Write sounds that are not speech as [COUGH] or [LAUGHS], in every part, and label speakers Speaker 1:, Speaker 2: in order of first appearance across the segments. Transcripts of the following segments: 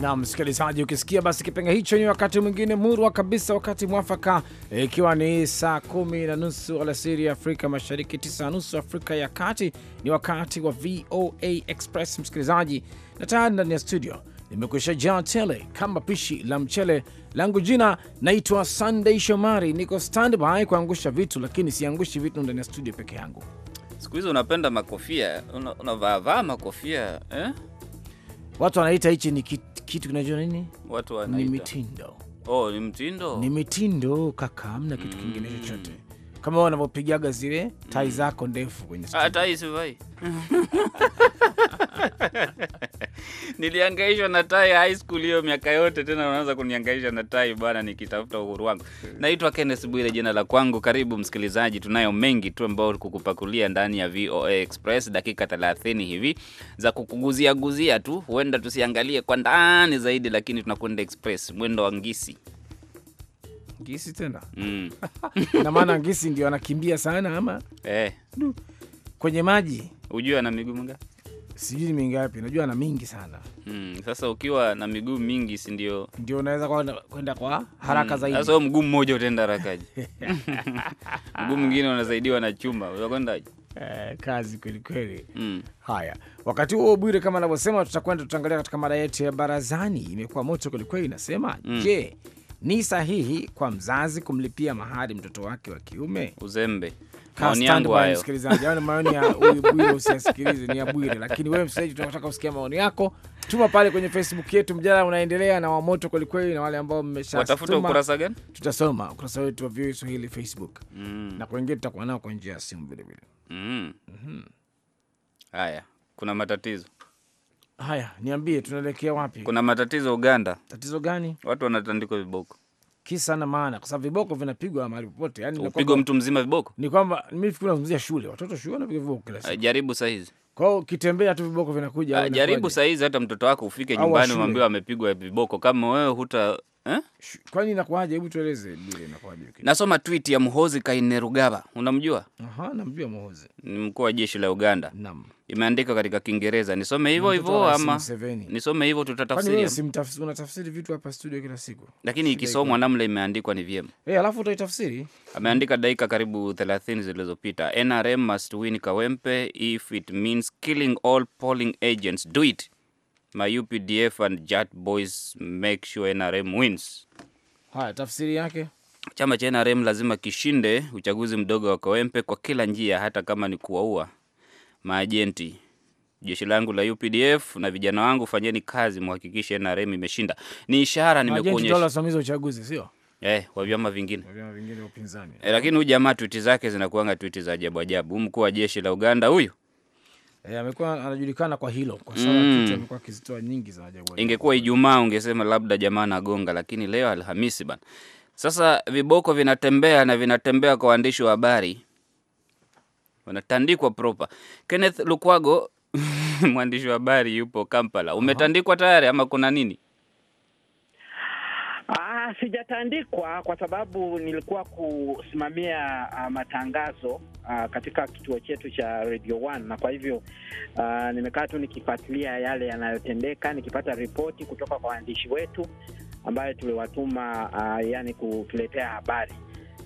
Speaker 1: na msikilizaji, ukisikia basi kipenga hicho, ni wakati mwingine murwa kabisa, wakati mwafaka, ikiwa ni saa kumi na nusu alasiri ya Afrika Mashariki, tisa na nusu Afrika ya Kati. Ni wakati wa VOA Express msikilizaji, na tayari ndani ya studio nimekwisha jaa tele kama pishi la mchele langu. Jina naitwa Sunday Shomari, niko standby kuangusha vitu, lakini siangushi vitu ndani ya studio peke yangu.
Speaker 2: Siku hizi unapenda makofia, unavaavaa una makofia eh?
Speaker 1: Watu wanaita hichi ni kitu kinajua nini,
Speaker 2: watu wanaita ni mitindo. Oh, ni mtindo, ni
Speaker 1: mitindo kaka, amna kitu
Speaker 2: mm. kingine chochote
Speaker 1: kama wanavyopigaga zile tai mm. zako ndefu kwenye
Speaker 2: ah, tai sivai [LAUGHS] [LAUGHS] niliangaishwa na tai high school hiyo miaka yote, tena unaanza kuniangaisha na tai bwana, nikitafuta uhuru wangu. Hmm. Naitwa Kenneth Bwire jina la kwangu. Karibu msikilizaji, tunayo mengi tu ambayo kukupakulia ndani ya VOA Express, dakika 30 hivi za kukuguzia guzia tu, huenda tusiangalie kwa ndani zaidi, lakini tunakwenda express mwendo wa ngisi ngisi tena mm.
Speaker 1: [LAUGHS] na maana ngisi ndio anakimbia sana ama
Speaker 2: eh. kwenye maji, hujua ana miguu mingapi?
Speaker 1: sijui mingapi, najua na mingi sana
Speaker 2: hmm. Sasa ukiwa na miguu mingi, si ndio
Speaker 1: ndio unaweza kwenda
Speaker 2: kwa haraka hmm, zaidi. Sasa mguu mmoja utaenda harakaje? [LAUGHS] mguu mwingine unasaidiwa na chuma, utakwendaje? Eh, kazi kwelikweli mm. Haya,
Speaker 1: wakati huo Bwire, kama anavyosema, tutakwenda tutaangalia katika mada yetu ya barazani. Imekuwa moto kwelikweli, inasema mm. Je, ni sahihi kwa mzazi kumlipia mahari mtoto wake wa kiume
Speaker 2: uzembe? maoni yangu hayo, msikilizaji.
Speaker 1: Hayo ni maoni ya huyu [LAUGHS] Bwire, ni ya Bwire. Lakini wewe msikilizaji, tunataka maoni yako, tuma pale kwenye Facebook yetu. Mjadala unaendelea na wamoto kwelikweli, na wale ambao mmeshawatafuta. Ukurasa gani? Tutasoma ukurasa wetu wa VOA Swahili Facebook mm. na kwengine tutakuwa nao kwa njia ya simu vilevile
Speaker 2: mm. mm -hmm. kuna matatizo
Speaker 1: haya, niambie tunaelekea wapi? Kuna
Speaker 2: matatizo Uganda. Tatizo gani? Watu wanatandikwa viboko
Speaker 1: kisa na maana, kwa sababu viboko vinapigwa mahali popote. Yani unapigwa mtu mzima viboko, ni kwamba mimi fikiri nazungumzia shule, watoto shule wanapiga viboko kila siku. Eh,
Speaker 2: jaribu saa hizi
Speaker 1: kwao, kitembea tu viboko vinakuja. Eh, jaribu saa
Speaker 2: hizi hata mtoto wako ufike nyumbani umwambie amepigwa viboko, kama wewe huta eh?
Speaker 1: Kwani inakuaje? Hebu tueleze Bile, inakuaje?
Speaker 2: Nasoma tweet ya Muhozi Kainerugaba, unamjua?
Speaker 1: Aha, namjua Muhozi,
Speaker 2: ni mkuu wa jeshi la Uganda. Naam, imeandika katika Kiingereza. Nisome hivyo hivyo ama nisome hivyo? Tutatafsiri,
Speaker 1: unatafsiri vitu hapa studio kila siku,
Speaker 2: lakini ikisomwa namna imeandikwa ni vyema eh,
Speaker 1: hey, alafu utaitafsiri. Ameandika
Speaker 2: dakika karibu 30 zilizopita, NRM must win Kawempe if it means killing all polling agents do it my UPDF and Jat Boys make sure NRM wins.
Speaker 1: Haya, tafsiri yake
Speaker 2: chama cha NRM lazima kishinde uchaguzi mdogo wa Kawempe kwa kila njia, hata kama ni kuwaua maajenti. Jeshi langu la UPDF na vijana wangu, fanyeni kazi, mhakikishe NRM imeshinda. Ni ishara nimekuonyesha
Speaker 1: uchaguzi, sio
Speaker 2: eh, wa vyama vingine, vingine upinzani. Eh, lakini huyu jamaa twiti zake zinakuanga twiti za ajabu ajabu. Mkuu wa jeshi la Uganda huyu
Speaker 1: E, amekuwa anajulikana kwa hilo kwa sababu mm. akizitoa nyingi za
Speaker 2: ajabu. Ingekuwa Ijumaa ungesema labda jamaa anagonga, lakini leo Alhamisi bana. Sasa viboko vinatembea na vinatembea kwa waandishi wa habari wanatandikwa propa. Kenneth Lukwago [LAUGHS] mwandishi wa habari yupo Kampala, umetandikwa tayari ama kuna nini?
Speaker 3: sijatandikwa kwa sababu nilikuwa kusimamia uh, matangazo uh, katika kituo chetu cha Radio One. na kwa hivyo uh, nimekaa tu nikifuatilia yale yanayotendeka, nikipata ripoti kutoka kwa waandishi wetu ambayo tuliwatuma uh, yani kutuletea habari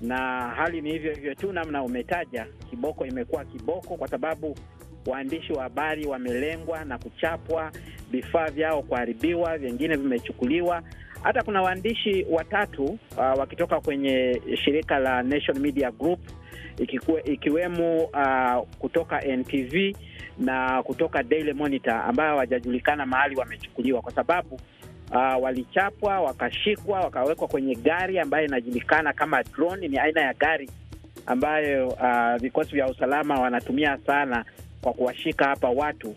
Speaker 3: na hali ni hivyo hivyo tu namna umetaja. Kiboko imekuwa kiboko kwa sababu waandishi wa habari wamelengwa na kuchapwa, vifaa vyao kuharibiwa, vingine vimechukuliwa. Hata kuna waandishi watatu uh, wakitoka kwenye shirika la Nation Media Group ikikuwe, ikiwemo uh, kutoka NTV na kutoka Daily Monitor ambayo hawajajulikana mahali wamechukuliwa kwa sababu Uh, walichapwa wakashikwa wakawekwa kwenye gari ambayo inajulikana kama drone. Ni aina ya gari ambayo uh, vikosi vya usalama wanatumia sana kwa kuwashika hapa watu,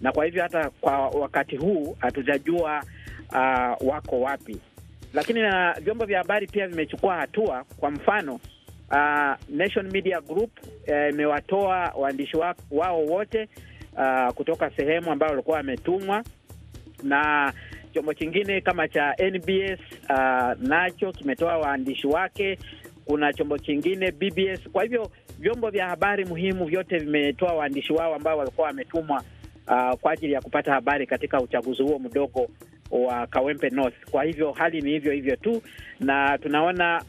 Speaker 3: na kwa hivyo hata kwa wakati huu hatujajua uh, wako wapi. Lakini na vyombo vya habari pia vimechukua hatua. Kwa mfano uh, Nation Media Group eh, imewatoa uh, waandishi wao wote uh, kutoka sehemu ambayo walikuwa wametumwa na chombo kingine kama cha NBS uh, nacho kimetoa waandishi wake. Kuna chombo kingine BBS. Kwa hivyo vyombo vya habari muhimu vyote vimetoa waandishi wao ambao walikuwa wametumwa uh, kwa ajili ya kupata habari katika uchaguzi huo mdogo wa Kawempe North. Kwa hivyo hali ni hivyo hivyo tu, na tunaona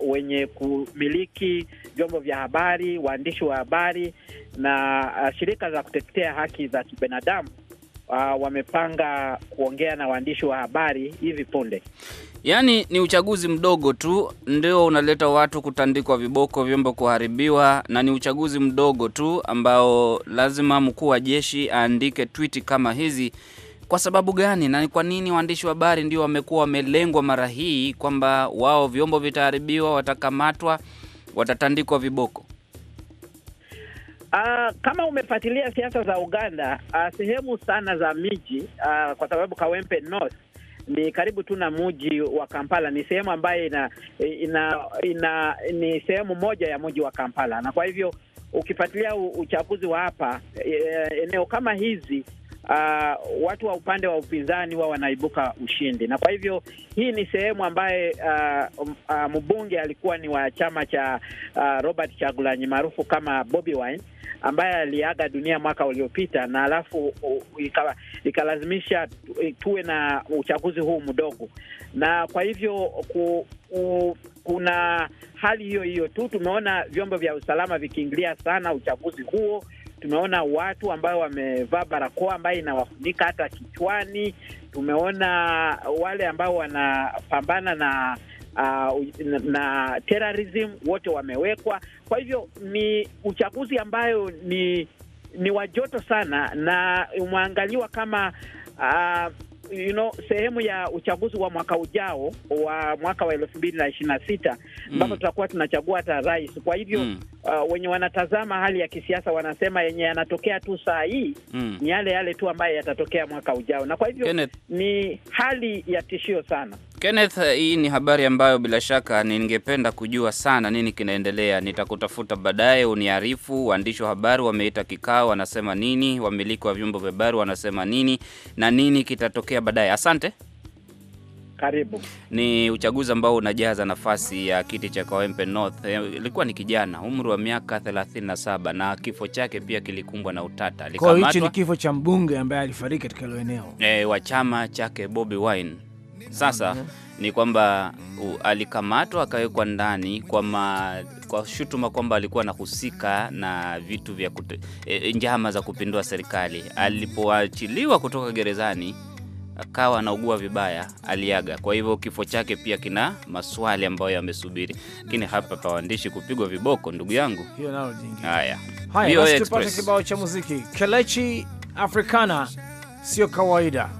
Speaker 3: uh, wenye kumiliki vyombo vya habari, waandishi wa habari na uh, shirika za kutetea haki za kibinadamu uh, wamepanga kuongea na waandishi wa habari hivi punde.
Speaker 2: Yaani ni uchaguzi mdogo tu ndio unaleta watu kutandikwa viboko, vyombo kuharibiwa, na ni uchaguzi mdogo tu ambao lazima mkuu wa jeshi aandike twiti kama hizi kwa sababu gani na ni kwa nini waandishi wa habari ndio wamekuwa wamelengwa mara hii, kwamba wao vyombo vitaharibiwa, watakamatwa, watatandikwa viboko?
Speaker 3: Uh, kama umefuatilia siasa za Uganda uh, sehemu sana za miji uh, kwa sababu Kawempe North ni karibu tu na muji wa Kampala, ni sehemu ambayo ina, ina, ina ni sehemu moja ya muji wa Kampala, na kwa hivyo ukifuatilia uchaguzi wa hapa e, eneo kama hizi uh, watu wa upande wa upinzani wa wanaibuka ushindi, na kwa hivyo hii ni sehemu ambaye uh, um, uh, mbunge alikuwa ni wa chama cha uh, Robert Chagulanyi maarufu kama Bobby Wine ambaye aliaga dunia mwaka uliopita, na alafu ikalazimisha tuwe na uchaguzi huu mdogo, na kwa hivyo ku, ku, kuna hali hiyo hiyo tu tumeona vyombo vya usalama vikiingilia sana uchaguzi huo tumeona watu ambao wamevaa barakoa ambayo inawafunika hata kichwani. Tumeona wale ambao wanapambana na Uh, na terrorism wote wamewekwa. Kwa hivyo ni uchaguzi ambayo ni ni wa joto sana, na umeangaliwa kama uh, you know, sehemu ya uchaguzi wa mwaka ujao wa mwaka wa elfu mbili na ishirini na sita ambapo mm. tutakuwa tunachagua hata rais. Kwa hivyo mm. uh, wenye wanatazama hali ya kisiasa wanasema yenye yanatokea tu saa hii mm. ni yale yale tu ambayo yatatokea mwaka ujao, na kwa hivyo Kenneth, ni hali ya tishio sana.
Speaker 2: Kenneth, hii ni habari ambayo bila shaka ningependa kujua sana nini kinaendelea. Nitakutafuta baadaye uniarifu. Waandishi wa habari wameita kikao, wanasema nini? Wamiliki wa vyombo vya habari wanasema nini? Na nini kitatokea baadaye? Asante. Karibu. Ni uchaguzi ambao unajaza nafasi ya kiti cha Kawempe North. Eh, ilikuwa ni kijana umri wa miaka 37 na kifo chake pia kilikumbwa na utata. Alikamatwa. ni
Speaker 1: kifo cha mbunge ambaye alifariki katika eneo.
Speaker 2: E, wa chama chake Bobby Wine sasa mm-hmm. ni kwamba alikamatwa akawekwa ndani kwa, ma, kwa shutuma kwamba alikuwa anahusika na vitu vya kute, e, e, njama za kupindua serikali. Alipoachiliwa kutoka gerezani akawa anaugua vibaya, aliaga. Kwa hivyo kifo chake pia kina maswali ambayo yamesubiri, lakini hapa pa waandishi kupigwa viboko, ndugu yangu. Hiyo Haya, haya, tupate kibao
Speaker 1: cha muziki Kelechi Africana, sio kawaida.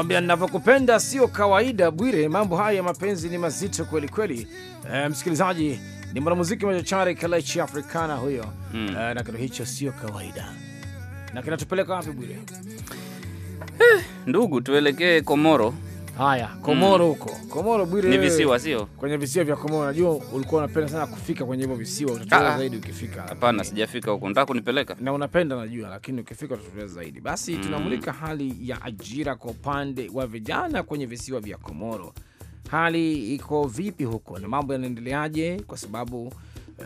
Speaker 1: anakuambia ninavyokupenda sio kawaida Bwire. Mambo haya ya mapenzi ni mazito kweli kweli. E, msikilizaji ni mwanamuziki machachari Kalechi Afrikana huyo
Speaker 2: mm. E, na kitu hicho sio kawaida
Speaker 1: na kinatupeleka wapi Bwire?
Speaker 2: Eh, ndugu, tuelekee Komoro Haya, mm. Komoro huko mm. Komoro Bwire, ni visiwa sio?
Speaker 1: Kwenye visiwa vya Komoro najua ulikuwa unapenda sana kufika kwenye hivyo visiwa, utatueleza ah. zaidi ukifika. Hapana, sijafika huko, nataka kunipeleka na unapenda najua, lakini ukifika utatueleza zaidi. Basi mm. tunamulika hali ya ajira kwa upande wa vijana kwenye visiwa vya Komoro. Hali iko vipi huko na mambo yanaendeleaje? Kwa sababu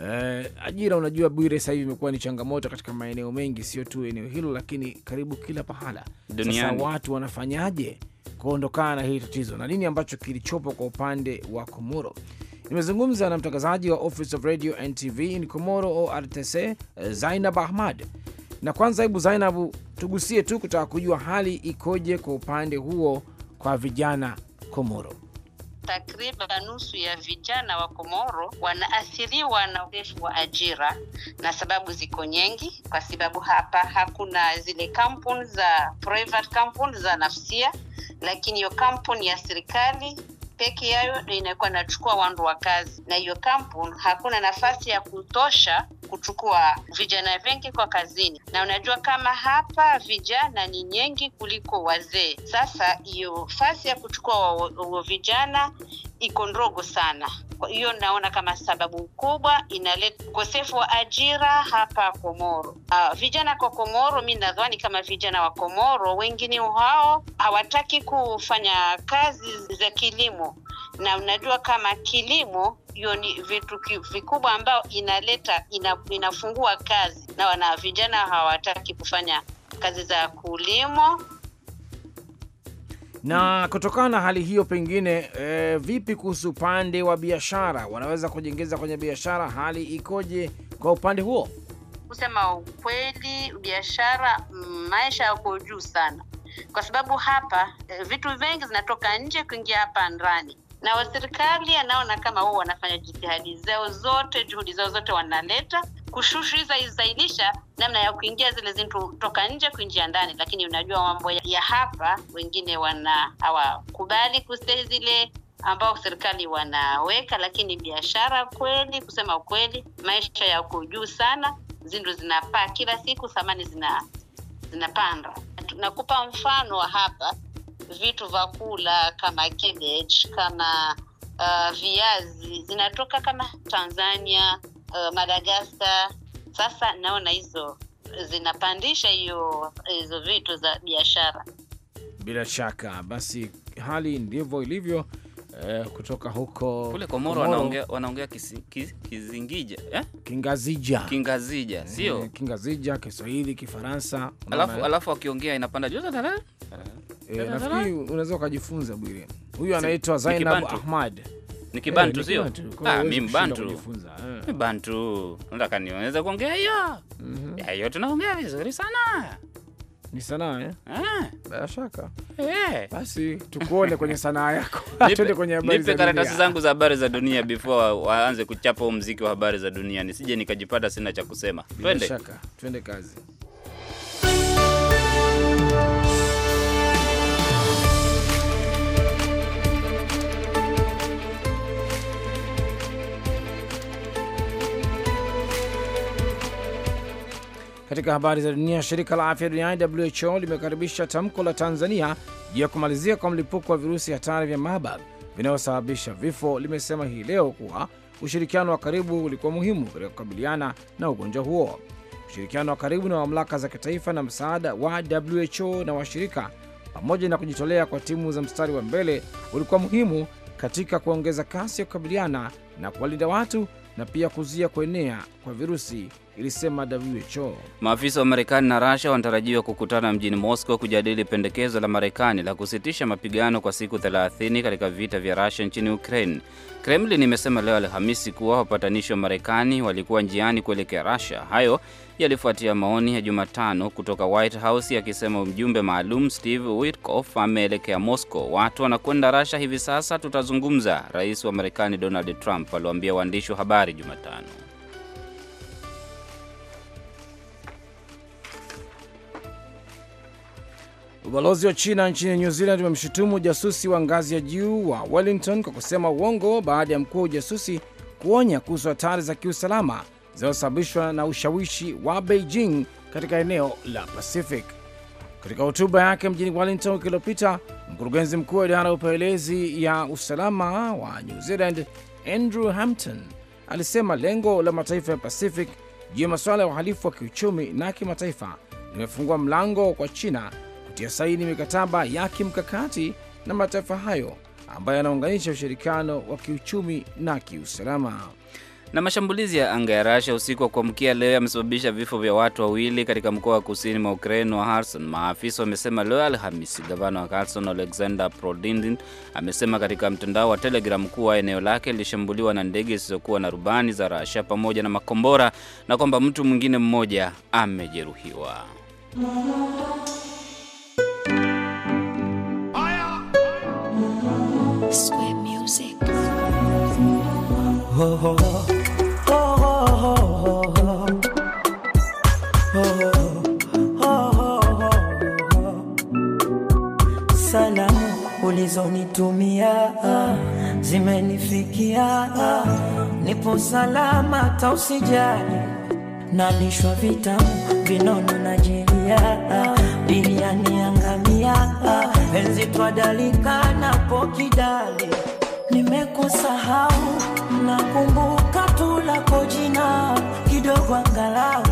Speaker 1: eh, ajira unajua Bwire, sasa hivi imekuwa ni changamoto katika maeneo mengi, sio tu eneo hilo, lakini karibu kila pahala. duniani. Sasa watu wanafanyaje kuondokana na hili tatizo na nini ambacho kilichopo kwa upande wa Komoro. Nimezungumza na mtangazaji wa Office of Radio and TV in Komoro ORTC, eh, Zainab Ahmad. Na kwanza, hebu Zainabu, tugusie tu kutaka kujua hali ikoje kwa upande huo kwa vijana Komoro.
Speaker 4: Takriban nusu ya vijana wa Komoro wanaathiriwa na ukosefu wa ajira, na sababu ziko nyingi, kwa sababu hapa hakuna zile kampuni za private kampuni za nafsia lakini hiyo kampuni ya serikali peke yayo ndo inakuwa inachukua wandu wa kazi, na hiyo kampuni hakuna nafasi ya kutosha kuchukua vijana vingi kwa kazini, na unajua kama hapa vijana ni nyingi kuliko wazee. Sasa hiyo fasi ya kuchukua wa, vijana iko ndogo sana. hiyo naona kama sababu kubwa inaleta ukosefu wa ajira hapa Komoro. Uh, vijana kwa Komoro, mi nadhani kama vijana wa Komoro wengine hao hawataki kufanya kazi za kilimo, na unajua kama kilimo hiyo ni vitu vikubwa ambayo inaleta ina, inafungua kazi na wana vijana hawataki kufanya kazi za kulimo
Speaker 1: na kutokana na hali hiyo, pengine e, vipi kuhusu upande wa biashara, wanaweza kujiingiza kwenye biashara? Hali ikoje kwa upande huo?
Speaker 4: Kusema ukweli, biashara mm, maisha yako juu sana, kwa sababu hapa eh, vitu vingi zinatoka nje kuingia hapa ndani na waserikali anaona kama huo wanafanya jitihadi zao zote, juhudi zao zote wanaleta, kushushizainisha namna ya kuingia zile zintu toka nje kuingia ndani lakini unajua mambo ya, hapa wengine wana hawakubali kustei zile ambao serikali wanaweka lakini biashara kweli kusema ukweli maisha yako juu sana zindu zinapaa kila siku thamani zina zinapanda nakupa mfano wa hapa vitu vya kula kama kama uh, viazi zinatoka kama tanzania uh, eh, madagasta sasa naona hizo zinapandisha hiyo hizo vitu za biashara
Speaker 1: bila shaka basi hali ndivyo ilivyo eh, kutoka huko kule Komoro, Komoro.
Speaker 2: wanaongea, kisi, kizingija eh? Kingazija, Kingazija eh, sio eh,
Speaker 1: Kingazija, Kiswahili, Kifaransa alafu,
Speaker 2: alafu akiongea inapanda juu eh? eh, nafikiri
Speaker 1: unaweza ukajifunza bwili Huyu anaitwa Zainab
Speaker 2: Ahmad ni Kibantu eh, sio? Ah, mimi mbantu eh. Bantu, nataka niweze kuongea hiyo mhm. hiyo. Tunaongea vizuri sana ni sanaa eh? Ah, bila
Speaker 1: shaka eh. Basi tukuone kwenye sanaa yako [LAUGHS] tuende kwenye habari nipe karatasi zangu
Speaker 2: za habari za dunia before waanze kuchapa muziki wa habari za dunia, nisije nikajipata sina cha kusema. Twende, bila shaka,
Speaker 1: twende kazi. Katika habari za dunia, shirika la afya duniani WHO limekaribisha tamko la Tanzania juu ya kumalizia kwa mlipuko wa virusi hatari vya Marburg vinayosababisha vifo. Limesema hii leo kuwa ushirikiano wa karibu ulikuwa muhimu katika kukabiliana na ugonjwa huo. Ushirikiano wa karibu na mamlaka za kitaifa na msaada wa WHO na washirika pamoja na kujitolea kwa timu za mstari wa mbele ulikuwa muhimu katika kuongeza kasi ya kukabiliana na kuwalinda watu na pia kuzuia kuenea kwa virusi, ilisema WHO.
Speaker 2: Maafisa wa Marekani na Russia wanatarajiwa kukutana mjini Moscow kujadili pendekezo la Marekani la kusitisha mapigano kwa siku 30 katika vita vya Russia nchini Ukraine. Kremlin imesema leo Alhamisi kuwa wapatanishi wa Marekani walikuwa njiani kuelekea Russia. Hayo yalifuatia maoni ya Jumatano kutoka White House yakisema mjumbe maalum Steve Witkoff ameelekea Moscow. Watu wanakwenda Russia hivi sasa, tutazungumza, rais wa Marekani Donald Trump aliwaambia waandishi wa habari Jumatano.
Speaker 1: Ubalozi wa China nchini New Zealand umemshutumu jasusi wa ngazi ya juu wa Wellington kwa kusema uongo baada ya mkuu wa ujasusi kuonya kuhusu hatari za kiusalama zinazosababishwa na ushawishi wa Beijing katika eneo la Pacific. Katika hotuba yake mjini Wellington wiki iliyopita, mkurugenzi mkuu wa idara ya upelelezi ya usalama wa New Zealand Andrew Hampton alisema lengo la mataifa ya Pacific juu ya masuala ya uhalifu wa kiuchumi na kimataifa limefungua mlango kwa China kutia saini mikataba ya kimkakati na mataifa hayo ambayo yanaunganisha ushirikiano wa kiuchumi na kiusalama.
Speaker 2: Na mashambulizi ya anga ya Rasha usiku wa kuamkia leo yamesababisha vifo vya watu wawili katika mkoa wa kusini mwa Ukraine wa harson maafisa wamesema leo Alhamisi. Gavana wa Harson Alexander Prodindin amesema katika mtandao wa Telegram kuwa eneo lake lilishambuliwa na ndege zisizokuwa na rubani za Rasha pamoja na makombora na kwamba mtu mwingine mmoja amejeruhiwa.
Speaker 5: Salamu ulizonitumia zimenifikia, nipo salama, tausijali nalishwa vitamu vinono na jelia, biliani angamia enzi twadalika napo kidali nimekusahau unakumbuka tu lako jina kidogo, angalau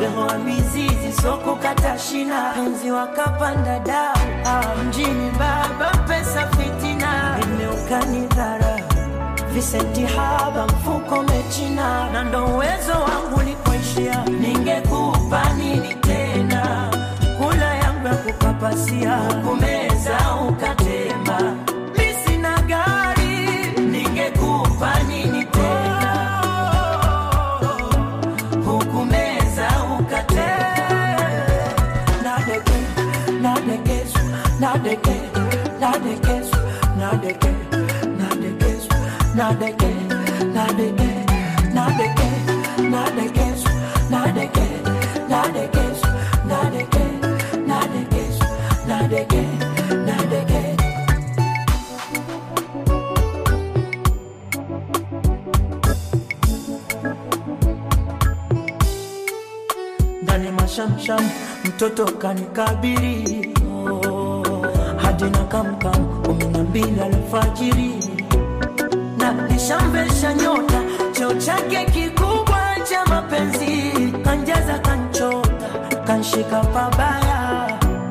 Speaker 5: roho wa mizizi soko kata shina penzi wakapanda dau ah, mjini baba pesa fitina imeukani visenti haba mfuko mechina na ndo uwezo wangu nikoishia, ningekupa nini tena kula yangu ya kukapasia kumeza uka nadekeswa ndani mashamsham mtoto kanikabiri tena kamka kumi na mbili alfajiri na nishambesha nyota cheo chake kikubwa cha mapenzi kanjaza kanchota kanshika pabaya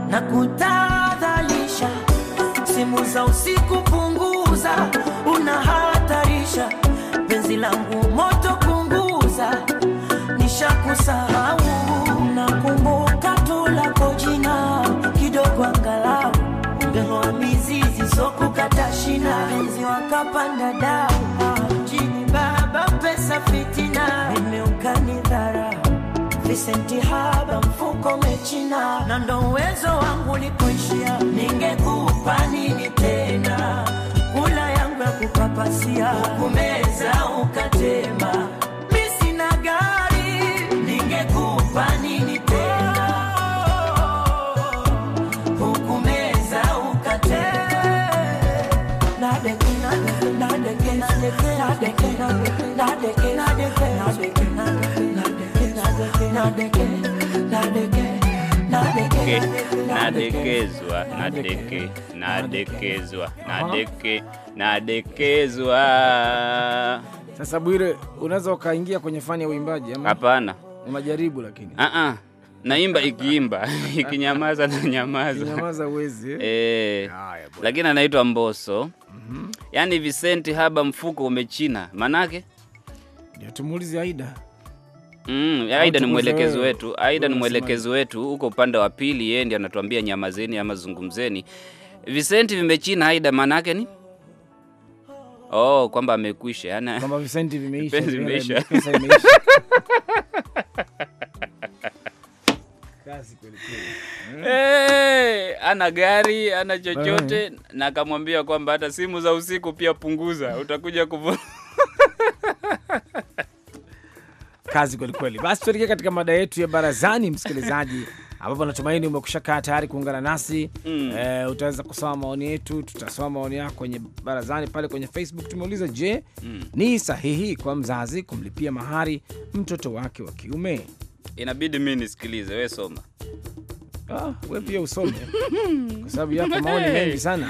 Speaker 5: na kutadhalisha simu za usiku punguza unahatarisha penzi langu moto punguza nishakusaa shina, wenzi wakapanda dau chini baba pesa fitina, imeukani dhara visenti haba mfuko mechina, na ndo uwezo wangu likuishia, ningekupa nini tena? Kula yangu ya kupapasia kumeza ukatema nadekezwa
Speaker 2: nadeke nadekezwa nadeke nadekezwa.
Speaker 1: Sasa Bwire, unaweza ukaingia kwenye fani ya uimbaji ama hapana? Unajaribu lakini
Speaker 2: uh -uh. Naimba ikiimba [LAUGHS] ikinyamaza na nyamaza nyamaza uwezi e, eh? eh. lakini anaitwa Mboso. mm -hmm. Yaani visenti haba mfuko umechina, manake ndio tumuulize Aida Mm, aida ni mwelekezi wetu, aida ni mwelekezi wetu huko upande wa pili, yeye ndiye anatuambia nyamazeni ama zungumzeni. visenti vimechina aida, maana yake ni oh, kwamba amekwisha, yani kwamba Vicenti vimeisha, vimeisha. [LAUGHS] Hey, ana gari ana chochote Na akamwambia kwamba hata simu za usiku pia punguza, utakuja kuvu [LAUGHS]
Speaker 1: kazi kwelikweli. Basi tuelekee katika mada yetu ya barazani, msikilizaji, ambapo natumaini kaa tayari kuungana nasi mm. E, utaweza kusoma maoni yetu, tutasoma maoni yako kwenye barazani pale kwenye Facebook. Tumeuliza, je, mm. ni sahihi kwa mzazi kumlipia mahari mtoto wake wa kiume?
Speaker 2: Inabidi mi nisikilize, we soma.
Speaker 1: Ah, we pia usome [LAUGHS] kwa sababu yako maoni mengi sana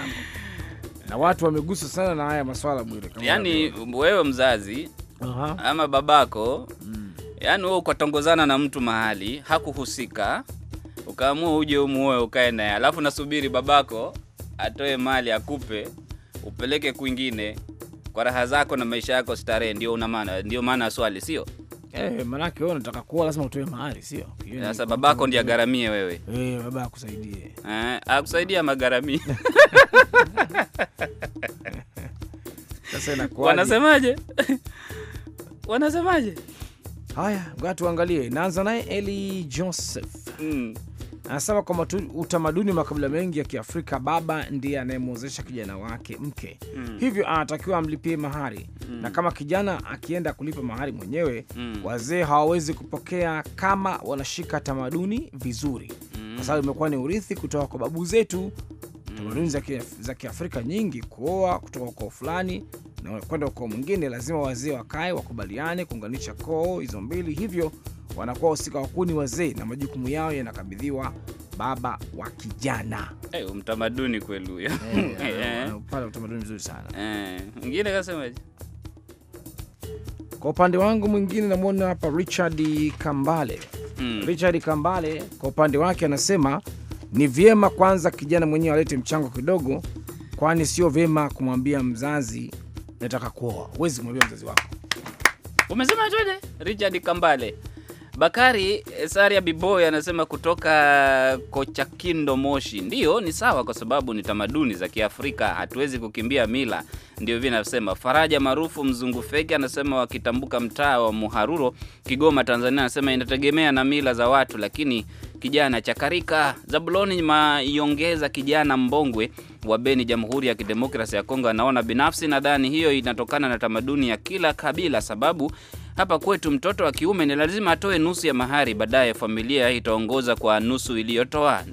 Speaker 1: na watu wameguswa sana na haya maswala
Speaker 2: bwire, yaani wewe mzazi uh -huh. ama babako mm. Yaani wewe ukatongozana na mtu mahali hakuhusika, ukaamua uje umuoe ukae naye, alafu nasubiri babako atoe mali akupe upeleke kwingine kwa raha zako na maisha yako starehe. Ndio una maana, ndio maana ya swali, sio?
Speaker 1: Eh, manake wewe unataka kuoa lazima utoe mahari, sio? Sasa babako ndiye
Speaker 2: agaramie wewe. Eh, baba akusaidie. Eh, akusaidia magaramie. [LAUGHS] [LAUGHS] Sasa inakuwa. Wanasemaje? [LAUGHS] Wanasemaje? Haya, ngoja
Speaker 1: tuangalie. Naanza naye Eli Joseph mm. Anasema kwamba utamaduni wa makabila mengi ya Kiafrika, baba ndiye anayemwozesha kijana wake mke mm. hivyo anatakiwa amlipie mahari mm. na kama kijana akienda kulipa mahari mwenyewe mm. wazee hawawezi kupokea kama wanashika tamaduni vizuri mm. kwa sababu imekuwa ni urithi kutoka kwa babu zetu mm. tamaduni za Kiafrika nyingi, kuoa kutoka ukoo fulani na kwenda ukoo mwingine, lazima wazee wakae wakubaliane kuunganisha koo hizo mbili, hivyo wanakuwa wahusika wakuu ni wazee na majukumu yao yanakabidhiwa baba wa kijana.
Speaker 2: Hey, eh, mtamaduni kweli huyo eh, [LAUGHS] eh, pale, utamaduni mzuri sana. Mwingine kasemaje?
Speaker 1: Kwa upande wangu mwingine namwona hapa Richard Kambale. Hmm. Richard Kambale kwa upande wake anasema ni vyema kwanza kijana mwenyewe alete mchango kidogo, kwani sio vyema kumwambia mzazi nataka kuoa, huwezi kumwambia mzazi wako.
Speaker 2: Umesema aje? Richard Kambale Bakari eh, Saria Biboy anasema kutoka kocha kindo Moshi. Ndiyo, ni sawa, kwa sababu ni tamaduni za Kiafrika, hatuwezi kukimbia mila, ndio hivi nasema. Faraja maarufu mzungu feki anasema wakitambuka mtaa wa Muharuro, Kigoma, Tanzania, anasema inategemea na mila za watu, lakini kijana cha Karika. Zabuloni Maiongeza, kijana mbongwe wa Beni, Jamhuri ya Kidemokrasi ya Kongo, anaona binafsi, nadhani hiyo inatokana na tamaduni ya kila kabila, sababu hapa kwetu mtoto wa kiume ni lazima atoe nusu ya mahari, baadaye familia itaongoza kwa nusu iliyotoa.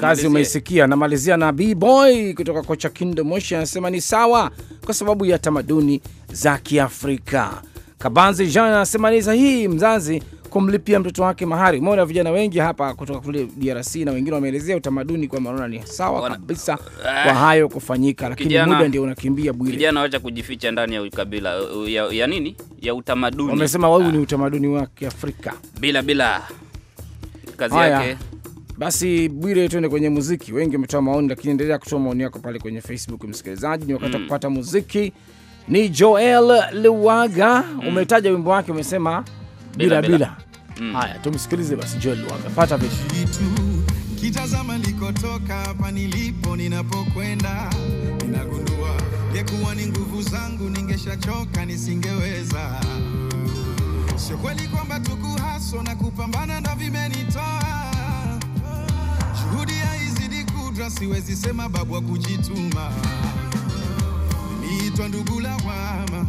Speaker 2: Kazi umeisikia.
Speaker 1: Namalizia na B-boy kutoka kocha Kindo Moshi, anasema ni sawa kwa sababu ya tamaduni za Kiafrika. Kabanzi Jean anasema ni sahihi, mzazi kumlipia mtoto wake mahari. Umeona vijana wengi hapa kutoka kule DRC na wengine wameelezea utamaduni kwamba wanaona ni sawa Wana... kabisa eh. kwa hayo kufanyika, lakini kijana, muda ndio unakimbia bwili. Kijana
Speaker 2: wacha kujificha ndani ya ukabila ya, ya nini ya utamaduni. Wamesema wao ni
Speaker 1: ah. utamaduni wa Kiafrika
Speaker 2: bila bila kazi Haya. yake
Speaker 1: basi Bwire, tuende kwenye muziki. Wengi wametoa maoni, lakini endelea kutoa maoni yako pale kwenye Facebook. Msikilizaji, ni wakati wa mm. kupata muziki. Ni Joel Luwaga, mm. umetaja wimbo wake, umesema bila bila. Mm. Haya, tumsikilize basi Joel Lwaga, pata vitu
Speaker 6: kitazama likotoka hapa nilipo, ninapokwenda ninagundua, ngekuwa ni nguvu zangu ningeshachoka, nisingeweza. Sio kweli kwamba tukuhaso na kupambana ndo vimenitoa juhudi haizidi kudra, siwezi sema babu wa kujituma. Niitwa ndugu lawama,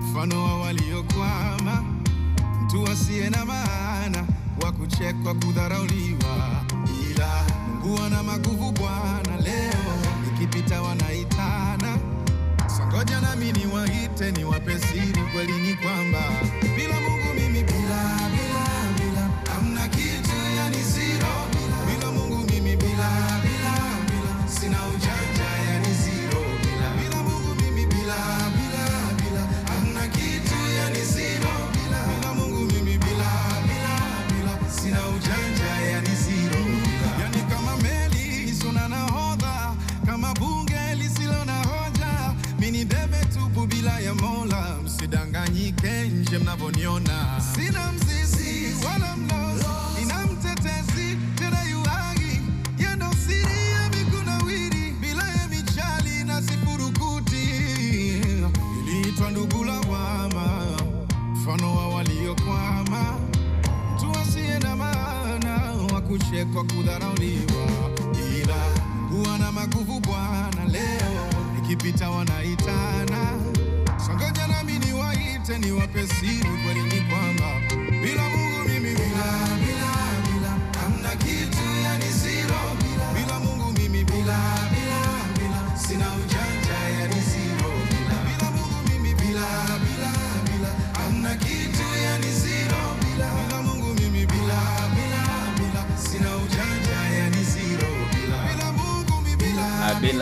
Speaker 6: mfano wa waliokwama mtu asiye na maana wa kuchekwa, kudharauliwa, ila Mungu ana maguvu Bwana. Leo nikipita wanaitana, songoja nami niwaite, niwape siri kweli ni kwamba bila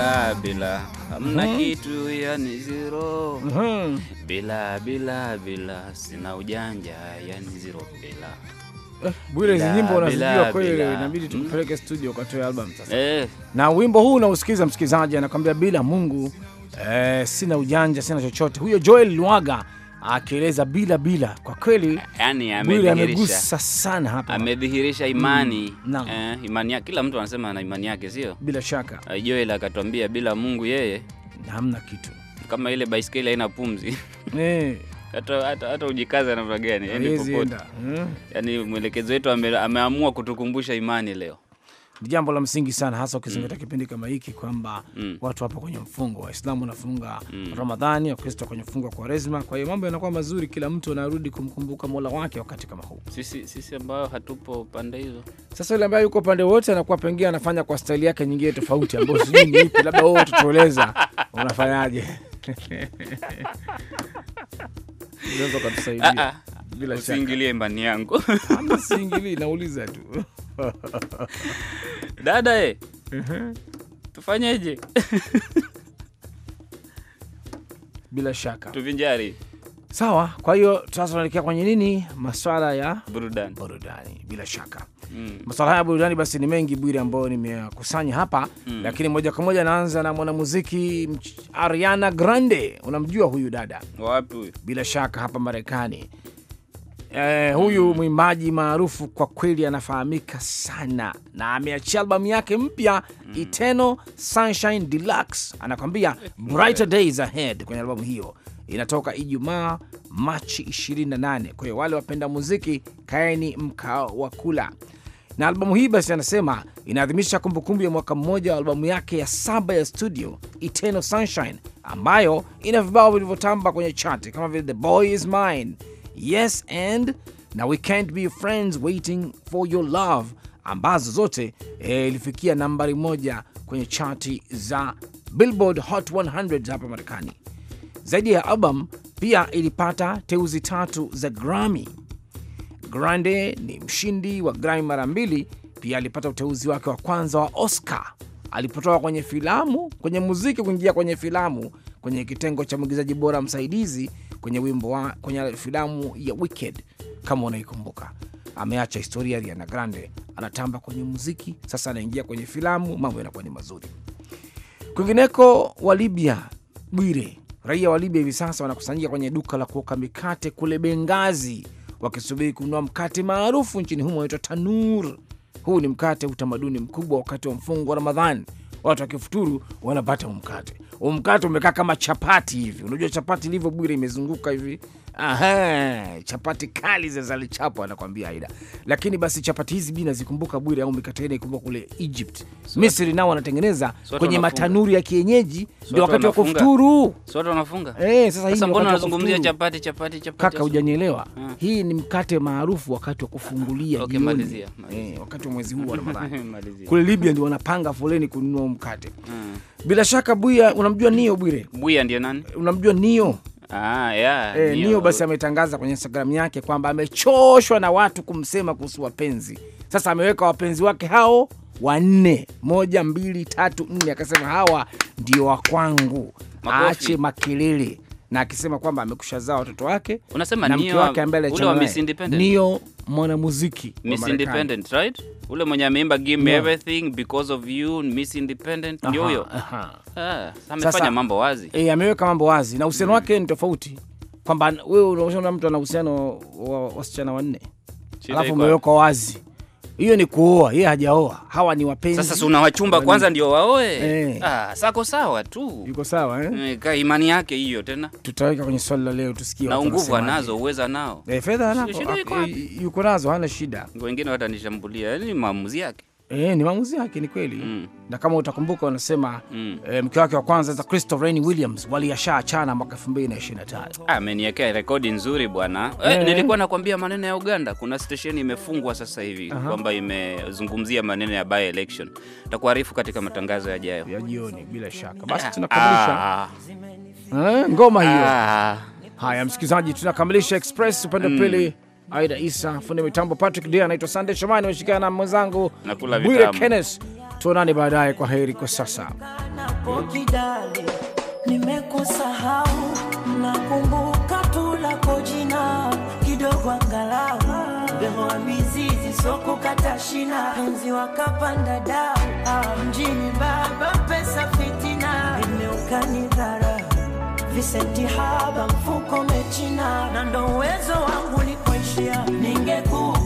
Speaker 2: bila bila hamna hmm. kitu yani zero hmm. bila bila bila sina ujanja yani zero bila
Speaker 1: Eh, Bwire, hizi nyimbo unazijua kweli, inabidi hmm.
Speaker 2: tukupeleke studio ukatoe album sasa. Eh.
Speaker 1: Na wimbo huu unausikiza msikilizaji, anakwambia bila Mungu eh, sina ujanja, sina chochote. Huyo Joel Lwaga akieleza bila bila, kwa kweli
Speaker 2: yani amegusa
Speaker 1: sana hapa,
Speaker 2: amedhihirisha imani mm, eh, imani yake. Kila mtu anasema ana imani yake, sio bila shaka. Ah, Joel akatwambia bila Mungu yeye hamna kitu, kama ile baiskeli haina pumzi [LAUGHS] eh hata hata hata ujikaza namna gani, yani popote, hmm? yani mwelekezo wetu ameamua kutukumbusha imani leo
Speaker 1: ni jambo la msingi sana, hasa ukizingatia mm. kipindi kama hiki kwamba mm. watu wapo kwenye mfungo. Waislamu wanafunga mm. Ramadhani, Wakristo kwenye mfungo wa Kwaresma. Kwa hiyo mambo yanakuwa mazuri, kila mtu anarudi kumkumbuka mola wake wakati kama huu.
Speaker 2: Sisi, sisi ambayo hatupo pande hizo.
Speaker 1: Sasa yule ambaye yuko pande wote anakuwa pengine anafanya kwa staili yake nyingine tofauti ambayo sijui ni ipi, labda wewe utatueleza [LAUGHS] unafanyaje?
Speaker 2: ukatusaidia [LAUGHS] ah, ah. bila shaka, Usiingilie imani yangu, siingilii, nauliza tu [LAUGHS] Dada e, tufanyeje? [LAUGHS] Bila shaka tuvinjari.
Speaker 1: Sawa, kwa hiyo sasa tunaelekea kwenye nini, maswala ya burudani, burudani bila shaka mm. Maswala haya ya burudani basi ni mengi bwiri ambayo nimekusanya hapa mm. Lakini moja kwa moja naanza na mwanamuziki Ariana Grande. Unamjua huyu dada wapi? Bila shaka hapa Marekani Eh, huyu mwimbaji maarufu kwa kweli anafahamika sana na ameachia albamu yake mpya mm. Eternal Sunshine Deluxe, anakwambia brighter days ahead. Kwenye albamu hiyo inatoka Ijumaa Machi 28. Kwa hiyo wale wapenda muziki, kaeni mkao wa kula na albamu hii basi, anasema inaadhimisha kumbukumbu ya mwaka mmoja wa albamu yake ya saba ya studio Eternal Sunshine, ambayo ina vibao vilivyotamba kwenye chati kama vile The Boy Is Mine Yes and na We Can't Be Friends Waiting for Your Love ambazo zote eh, ilifikia eh, nambari moja kwenye chati za Billboard Hot 100 hapa Marekani. Zaidi ya album pia ilipata teuzi tatu za Grammy. Grande ni mshindi wa Grammy mara mbili. Pia alipata uteuzi wake wa kwanza wa Oscar alipotoka kwenye filamu kwenye muziki kuingia kwenye filamu kwenye kitengo cha mwigizaji bora msaidizi kwenye wimbo wa, kwenye filamu ya Wicked kama unaikumbuka. Ameacha historia. Ariana Grande anatamba kwenye muziki, sasa anaingia kwenye filamu, mambo yanakuwa ni mazuri. Kwingineko wa Libya, Bwire, raia wa Libya hivi sasa wanakusanyika kwenye duka la kuoka mikate kule Bengazi wakisubiri kununua mkate maarufu nchini humo unaitwa tanur. Huu ni mkate utamaduni mkubwa wakati wa mfungo wa Ramadhani watu wakifuturu wanapata umkate. Umkate umekaa kama chapati hivi, unajua chapati ilivyo, Bwire, imezunguka hivi Aha, chapati kali zilizochapwa anakwambia Aida. Lakini basi chapati hizi bina zikumbuka Bwire au mikate ile ikumbuka kule Egypt. So, Misri nao wanatengeneza so, kwenye matanuri ya kienyeji ndio wakati wa kufuturu.
Speaker 2: Sote wanafunga. Eh, sasa hii mbona unazungumzia chapati chapati chapati? Kaka hujanielewa. Ah.
Speaker 1: Hii ni mkate maarufu wakati wa kufungulia okay, jioni. malizia,
Speaker 2: malizia. Eh, wakati wa mwezi huu wa Ramadhani. [LAUGHS] Kule Libya
Speaker 1: ndio wanapanga foleni kununua mkate. Hmm. Bila shaka Buya unamjua Nio Bwire?
Speaker 2: Buya ndio nani?
Speaker 1: Unamjua Nio? Ah, yeah, e, eh, Nio basi ametangaza kwenye Instagram yake kwamba amechoshwa na watu kumsema kuhusu wapenzi. Sasa ameweka wapenzi wake hao wanne, moja, mbili, tatu, nne, akasema hawa ndio wa kwangu, aache makelele na akisema kwamba amekushazaa watoto wake unasema na mke wake ambaye niyo
Speaker 2: mwanamuziki Miss Independent, right? Ule mwenye ameimba give me everything because of you Miss Independent ndio huyo. Ah, amefanya mambo wazi.
Speaker 1: Eh, ameweka mambo wazi na uhusiano mm. wake ni tofauti kwamba wewe unaona mtu ana uhusiano wa wasichana wanne
Speaker 2: alafu umewekwa
Speaker 1: wazi hiyo ni kuoa, yeye hajaoa, hawa ni wapenzi. Sasa wachumba kwanza
Speaker 2: ndio waoe eh? Ah, sako sawa tu, yuko sawa eh? eh imani yake hiyo. Tena
Speaker 1: tutaweka kwenye swali la leo, tusikie na nguvu anazo,
Speaker 2: uweza nao eh, fedha anako, ah, eh,
Speaker 1: yuko nazo, hana
Speaker 2: shida. Wengine watanishambulia, ni yaani maamuzi yake.
Speaker 1: Eh, ni maamuzi yake, ni kweli mm. Na kama utakumbuka wanasema mm. E, mke wake wa kwanza za Christopher Rainy Williams waliashaachana mwaka 2025.
Speaker 2: Ameniwekea ah, rekodi nzuri bwana eh. E, nilikuwa nakwambia maneno ya Uganda, kuna station imefungwa sasa hivi kwamba imezungumzia maneno ya by election. Takuarifu katika matangazo yajayo ya jioni, bila shaka. Basi ah. tunakamilisha ah.
Speaker 1: Eh, ngoma hiyo. Haya msikilizaji, tunakamilisha Express upande wa mm. pili Aida Isa, fundi mitambo Patrick Dea, anaitwa Sande Shomani, ameshikana na mwenzangu Bwire Kennes. Tuonane baadaye, kwa heri kwa sasa.
Speaker 5: Nimekusahau, nakumbuka tu lako jina kidogo, angalau wa mizizi shina, penzi wakapanda dau ah, mjini, baba pesa fitina, Visenti haba mfuko mechina na ndo uwezo wangu nikoishia ningekuwa